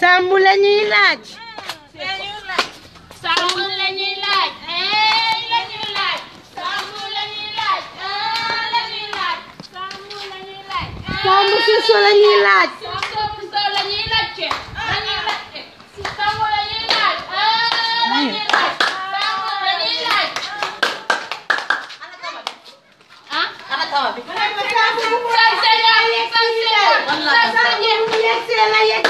Sambulannya lagi, Sambulannya ilaj. Samo si so la nilać. Saya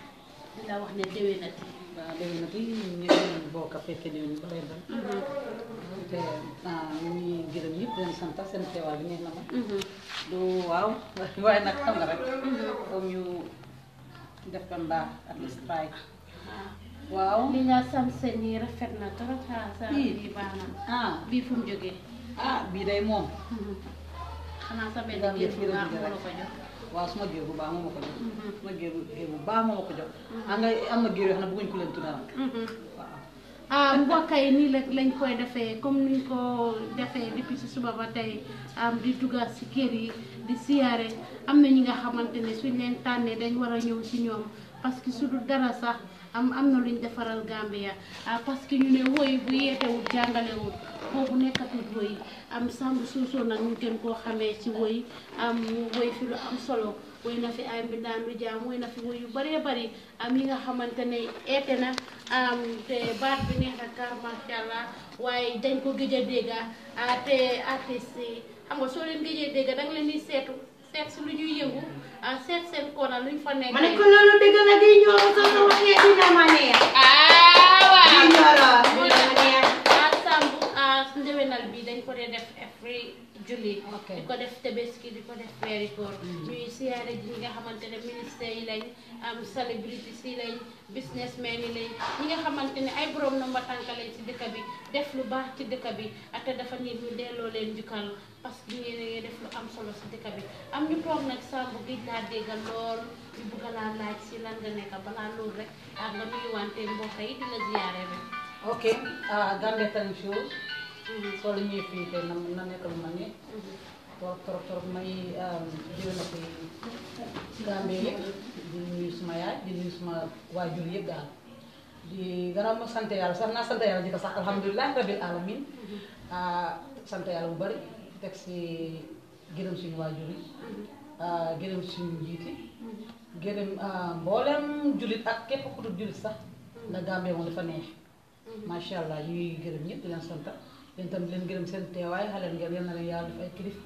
di la wax ne déwénati. waaw déwénati ñu ngi bokk a fekke déwén ba léegi mhm. te ah, ñu ngi gërëm yëpp di leen seen teewaay bi na ma. Mhm. du waaw waaye nag xam nga rek. comme mhm. ñu def ko mbaax ak ISRA waaw li nga sam seen rafet na trop. Ah, bii bii baax ah. bii fu jógee. bii day moom. xanaa sa benn biir bu baax moo la ko jox. waaw su ma géer bu baax moo ma ko jox su ma géer bu baax moo ma ko jox mm-hmm. am na am na géer yoo xam ne bëgguñ ko leen tuddal mm-hmm. waaw ah mbokk yi nii rek lañ koy defee comme niñ ko defee depuis si suba ba tey di duggaat si kër yi di siyaare am na ñi nga xamante ne suñ leen tànnee dañ war a ñëw si ñoom parce que su dul dara sax am am na luñ defaral Gambia ah, parce que ñu ne woy bu yeetewul jàngalewul foofu nekkatul woy am Sambou Suso nag ñu gën koo xamee ci woy am woy fi lu am solo woy na fi ay mbindaan lu jaam woy na fi woy yu bëree bëri am yi nga xamante ne eete na te baat bi neex kar macha waaye dañ ko gëj a dégga ah, te artistes yi xam nga soo leen gëjee dégga danga leen di seetu seet si lu ñuy yëngu ah, seet seen kóona luñ fa nekk. ma ne loolu dëgg la di ñoro soo ko waxee dina ma neex. ah waaw di ñoro. di ko ya, def every julli di ko def tabaski di def weeri koor mm-hmm. ñuy siyaare ji nga ministère yi lañ am celebrity si lañ businessmen yi lañ ñi nga xamante ay borom na mba lañ ci dëkk bi def lu baax ci dëkk bi ate dafa ñu leen parce que def lu am solo si dëkk bi am ñu nak nag sàmbu gis laa dégga lool ñu bugg laa laaj si lan nga nekk balaa loolu rek ak mbokk yi rek ok ah, falñi fiite nanekal mane torop torop torop may jirona koy gambe di nuyu suma yaay di nuyu suma waajur yëpp ya, daal di gannaaw ma sant yàlla sax naa sant yàlla jika alamin mm-hmm. ah, sant yàlla bu bari teg si gërëm mm-hmm. ah, suñu waajur yi sing suñu njiiti gërëm mm-hmm. mboolem ah, julit ak képp ku dul julit sax na gambe moom dafa ya. neex macha allah ñuy gërëm ñëpp di santai. yéen itam leen gërëm seen teewaay xale ngeen yal na leen yàlla dafay kilif.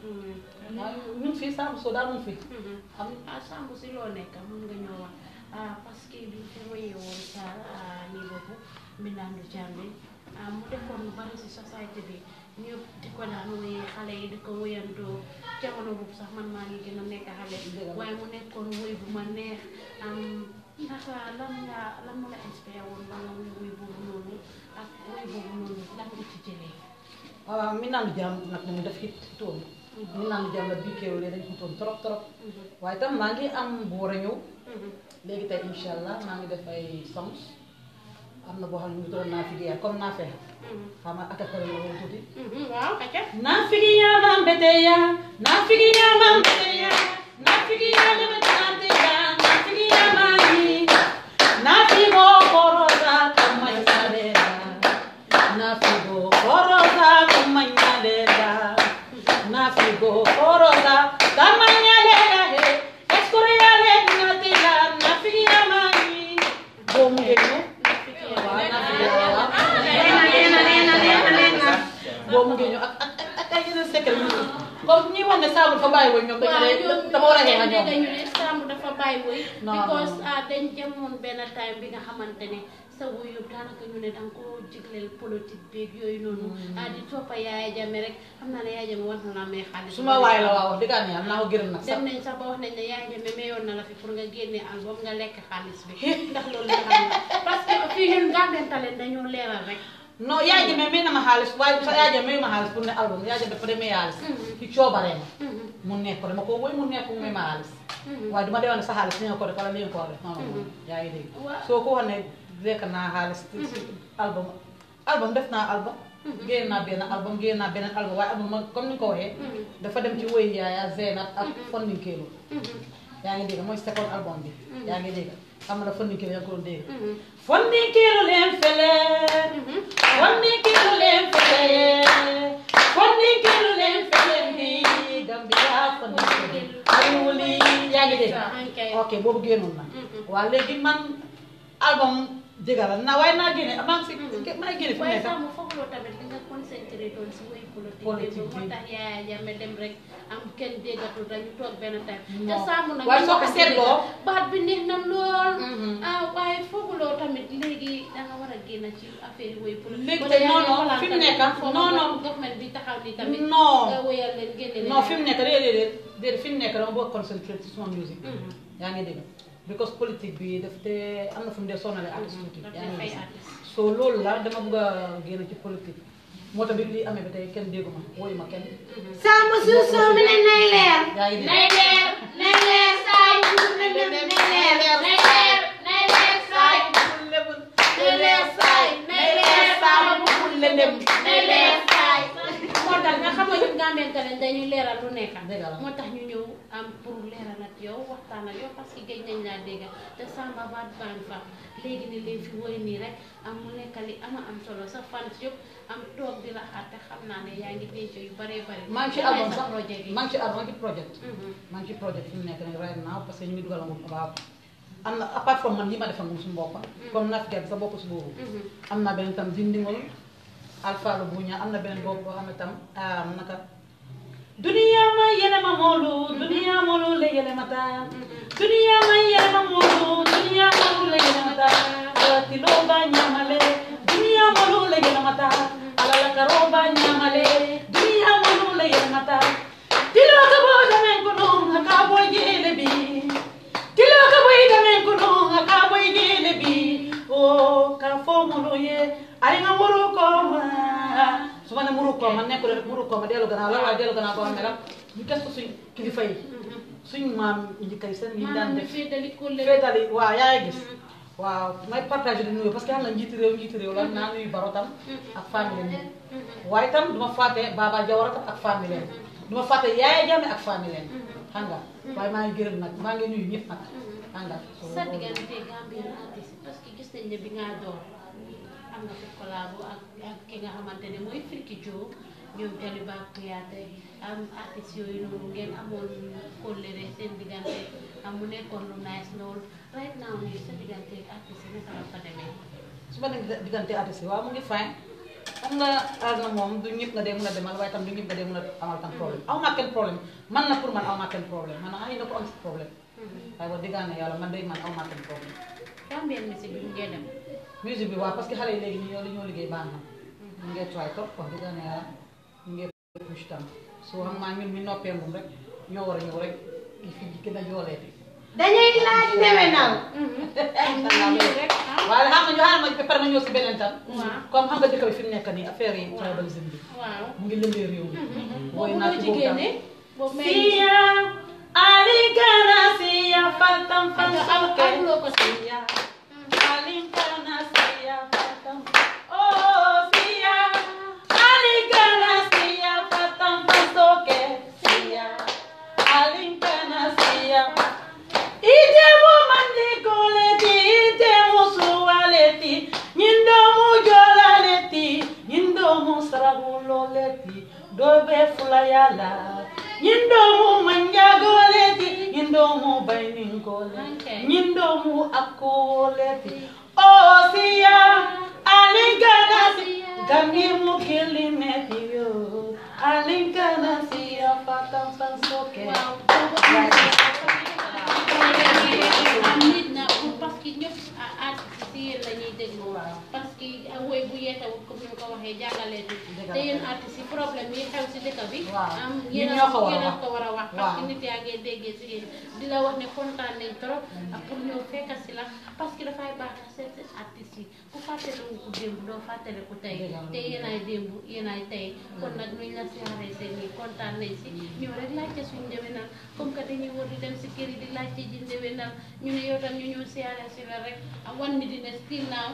ah ñun fii Samb Sow daa mun fii. xam mm-hmm. nga ah Samb si loo nekk mun nga ñoo wax ah, bi fi ma yeewoon Saal ah nii boobu Mbinaan Jambe ah mu defoon lu bari si société bi ñëpp di ko daan wéy yi di ko wéyandoo jamono boobu sax man maa ngi gën a nekk xale. waaye mu nekkoon wéy bu ma neex am. ndax ah, la inspiré woon ba nga wéy wéy boobu noonu ak wéy boobu noonu lan nga ci jëlee. waaw ah, mi naanu jàmm nag moom daf it toon mhm. mi naanu jàmm la bii kéew lee dañ ko trop trop mhm. waaye tam maa ngi am bu war a ñëw mhm. léegi tey incha allah maa ngi def ay sons am na boo xam ñu doon naa figiya comme naa fexe xam nga aka kala woon tuuti waaw acca naa figiya ma mbete ya naa figiya ma mbete ya naa figiya ma mbete dafa bàyyi wuy because ah, dañ demoon benn time bi nga xamante ne sa wuyu daanaka ñu ne danga ko jigleel politique beeg yooyu noonu mm. ah, di toppa Yaya Jammeh rek xam naa ne Yaya may xaalis ma waay la waaw wax dëgg am naa ko gërëm nag dem nañ sax na la fi pour nga génne album nga lekk xaalis bi ndax loolu nga xam ne parce que fii ñun Gambian Talents dañoo leeral rek non Yaya Jammeh may na ma xaalis waaye sax Yaya Jammeh may ma xaalis pour ne album Yaya Jammeh dafa demee xaalis mm-hmm. ci coobareem mm-hmm. mu nekk dama ko woy mu nekk mu ma xaalis Mm-hmm. waaye duma demal ne sa xaalis li nga ko def wala li nga ko def non non yaa ngi soo ko wax ne lekk naa xaalis album album def naa album mm-hmm. génn naa benn album génn naa beneen album waaye album comme ni ko waxee mm-hmm. dafa dem ci woy yaaya Zeynab ak Fonding Kélo yaa ngi dégg mooy second album bi yaa ngi dégg xam nga Fonding Kélo yaa ngi ko doon dégg Fonding Kélo leen fele Fonding Kélo leen fele Fonding Kélo leen fele ni Gambia Fonding Kélo yaa ngi dégg ah, ok boobu génnoon na waaw léegi man album jëgala na waaye naa génne maa ngi si maa ngi génne loolu tamit li nga concentré doon si muy politique bi moo tax Yaya Jammeh dem rek am kenn déggatul dañu toog benn taay. te saamu nag waaye soo ko seetloo baat bi neex na lool. Mm-hmm. ah waaye fooguloo tamit léegi da nga war a génn ci affaire way politique. léegi te non non fi mu nekk non non government bi taxaw ni tamit. non nga wéyal leen génne leen. non fi mu nekk déedéet déedéet fi mu nekk dama bëgg concentré ci sama musique. Mm-hmm. yaa ngi dégg because politique bi daf te am na fu mu dee sonale artiste tuuti. yaa ngi soo loolu la dama bëgg a génn ci politique moo tax bi lii amee ba tey kenn déggu ma wooyu ma Gambian Talents dañuy leeral lu nekk moo tax ñu ñëw am pour leeral ak yow waxtaan ak yow parce que géej nañ laa dégg te Samba baat baan fa léegi ni leen fi woy nii rek am mu nekk li ama am solo sa fans yëpp am toog di la xaar te xam ne yaa ngi denc yu bëree bëri maa ngi ci album sax maa ci album ci projet maa ci projet fi nekk nag right now parce que ñu ngi dugal moom about am na apart from man li ma defal moom suñu bopp comme nafkee bi sa bopp su boobu am na beneen tam dindingol alpha lu buña am na beneen bopp naka duniya ma yɛlɛma mɔlu duniya mɔlu le yɛlɛmata duniya ma yɛlɛma mɔlu duniya mɔlu le yɛlɛmata sabatilo ba ɲamale duniya mɔlu le yɛlɛmata alalakaro ba ɲamale duniya mɔlu le yɛlɛmata tilo ka bɔ dama kɔnɔ a ka bɔ yele bi tilo ka bɔ dama kɔnɔ a ka bɔ yele bi o ka fɔ mɔlu ye ayi ka mɔlu kɔ ma. su ma ne muru kooma nekkul rek muru kooma dellu gannaaw la waaye dellu gannaaw boo xam ne la ñu kes ko suñ kilifa yi mm-hmm. suñ maam ñi kay seen ñu daan def féetali waaw yaa ngi gis mm-hmm. waaw may partage di nuyu parce que xam na njiiti réew njiiti réew la mm-hmm. naa nuyu baro tam ak famille waaye tam du ma fàtte Baba Jawara tam ak famille du ma fàtte Yaaya Jammeh ak famille xam nga waaye maa ngi gërëm nag maa ngi nuyu ñëpp nag xam nga sa diggante Gambie artiste parce que gis nañ ne bi nga door am nga fi collabo ak ak ki nga xamantene moy mooy Firki Diop ñoom Jali Ba Kouyaté am artistes yooyu ñu ngeen amoon kóllëre seen digante am mu nekkon lu nice lol right now ñu sa digante ak artist ñu sama fa demé su ba diggante artistes yi waaw mu ngi fine xam nga aar na moom du ñëpp nga dem na demal way tam du ñëpp ba dem na amal tam problème mm. aw ma ken problème man na pour man aw ma ken problème man ay na ko am si problème mm. ay wa dëgg yalla man day man aw ma ken problème. Gambian music ci bu ngeen dem. musique bi waaw parce que xale yi léegi ñoo dañoo liggéey baax na ñu ngi try trop kon di gën a ñu ngi push tam soo xam maa ñun mi noppee moom rek ñoo war a ñëw rek di fi gën a joolee bi dañuy laaj newenal waaye xam nga ñu ma pare na ñëw si beneen tam comme xam nga dëkk bi fi mu nekk nii affaire yi tribalisme bi mu ngi lëmbee réew mi booy mm-hmm. naa ci boobu tam ngole nyindomu akoleti osiya alinganasi ganimu kilimetiyo patang afatanfans ci woy bu yeetawut comme ni ko waxee jàngaleetu te yéen artistes yi problème yi xew si dëkk bi am yéen a ko war a wax parce nit yaa ngi déggee si yéen di la wax ne kontaan nañ trop ak mm. pour ñëw fekka si la parce que dafay baax certains artistes yi ku fàttaliku ko démb doo fàttale ku tey te yéen ay démb yéen ay tey mm. kon nag nuñ la siyaaree seen nii kontaan nañ si ñëw rek laajte suñ ndewenal comme que dañuy war di dem si kër yi di laajte ji ndewenal ñu ne yow ñu ñëw siyaaree la rek one minute still now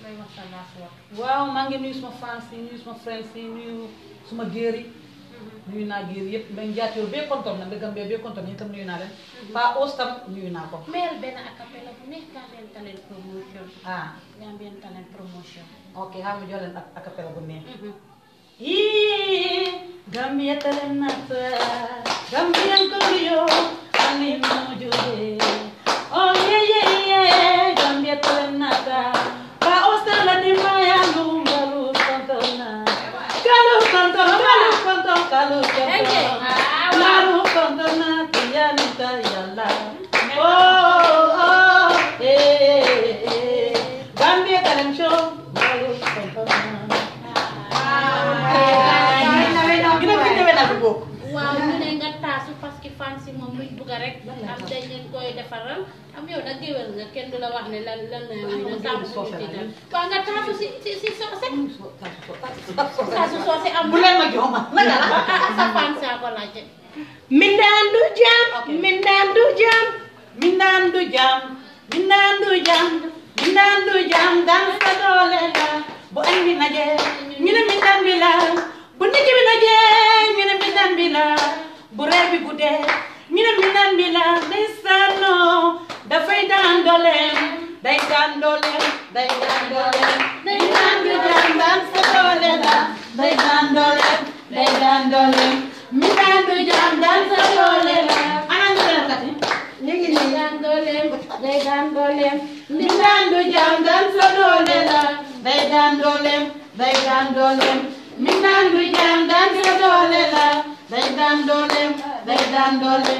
may wax sa last word waaw maa ngi nuyu suma fans yi nuyu suma friends yi nuyu suma géer yi mm-hmm. nuyu naa géer yëpp mbañ jaatiyoor bee kontoon na mbégam bee bee kontoon ñu nuyu naa leen mm-hmm. pa os tam nuyu naa ko meel benn acapella bu nekk Gambian Talent Promotion ah Gambian Talent Promotion ok xaa ma jox leen acapella bu neex mm-hmm. Gambia talent nasa Gambian Korio Ani mo jode Oh yeah yeah yeah Gambia talent nasa Salud, Salud, Salud, Salud, Salud, nga rek am dañ leen koy defaral am yow nag géwél nga kenn du wax ne lan lan la yow na taamu ci dal waaw nga taamu si si si soose saasu soose am bu leen ma jooma naka la sa fan saa ko laajte mindaan du jam mindaan du jam mindaan du jam mindaan du jam mindaan du jam daan sa doole la bu añ bi najee ñu ne mindaan bi la bu nit bi najee ñu ne mindaan bi la bu reer bi guddee ñu ne mi naan mi naan day sànnoo dafay daan dooleem day daan dooleem day daan dooleem day naan mi daan daan sa doole la day daan dooleem day daan dooleem mi naan mi daan daan sa doole la ana ñu ne kat ñu ngi nii daan dooleem day daan dooleem mi naan mi daan daan sa doole la day daan dooleem day daan dooleem mi naan mi daan daan sa doole la day daan dooleem day daan doole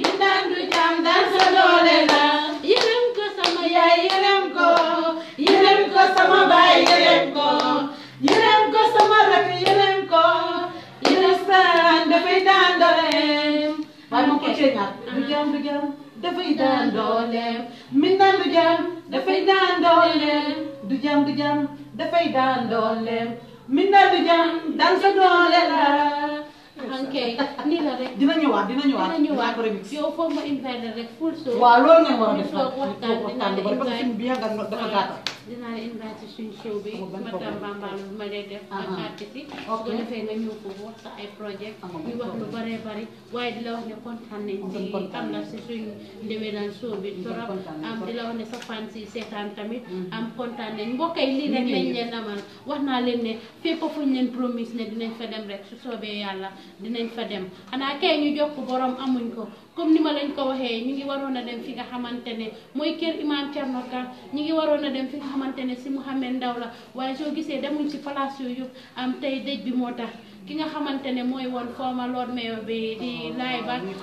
yi daan du jaam daan sa doole la yërëm ko sama yaay yërëm ko yërëm ko sama baay yërëm ko yërëm ko doole la ok nii la rek. dina ñëwaat dina ñëwaat dina ñëwaat yow foo ma invité rek. full soo waaw loolu nga war a def waxtaan bi nga dafa gàttal dinaa la invité suñu show bi. amul ban problème ma Bambalo bi ma lay def. ak artiste yi. ok su ko defee projet. ñu wax lu bëree waaye di la wax ne kontaan nañ ci am na si suñu ndewenal show bi trop am di la wax ne sa fan si seetaan tamit. Mm-hmm. am kontaan nañ mbokk yi lii ne lañ leen amal wax naa leen ne fépp fuñ leen promise ne dinañ fa dem rek su soobee yàlla dinañ fa dem xanaa kay ñu jokk borom amuñ ko. comme ni ma lañ ko waxee ñu ngi waroon a dem fi nga xamante ne mooy kër imaam Thierno Ka ñu ngi waroon a dem fi nga xamante ne si mu xamee Ndaw la waaye soo gisee demuñ ci place yooyu am tey dëj bi moo tax ki nga xamante ne mooy woon former Lord Mayor bi di laay ba am di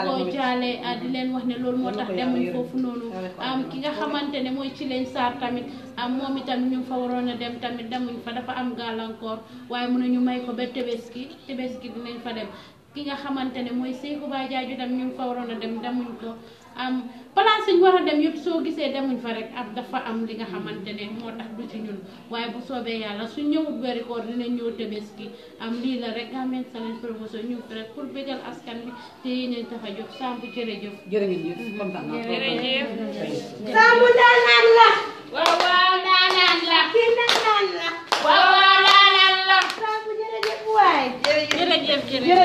ko jaale ah, di leen wax ne loolu moo tax demuñ foofu noonu am ki nga xamante ne mooy ci leen saar tamit am moom itam ñu fa waroon a dem tamit damuñ fa dafa am gàllankoor waaye mun ñu may ko ba tebes Tabaski dinañ fa dem ki nga xamante ne mooy Seykouba Diadio dem ñu ngi fa waroon a dem demuñ ko am place yi ñu war a dem yëpp soo gisee demuñ fa rek am dafa am li nga xamante moo tax du ci ñun waaye bu soobee yàlla su ñëwut weeri koor dina ñëw Tabaski am lii la rek ameen salen promotion ñu ngi rek pour bégal askan bi te yéen tax a jóg Samb jërëjëf. jërëjëf kontaan naa jërëjëf. Samb ndaanaan la. waaw waaw ndaanaan la. kii ndaanaan la. waaw waaw ndaanaan la. Samb jërëjëf waay. jërëjëf jërëjëf.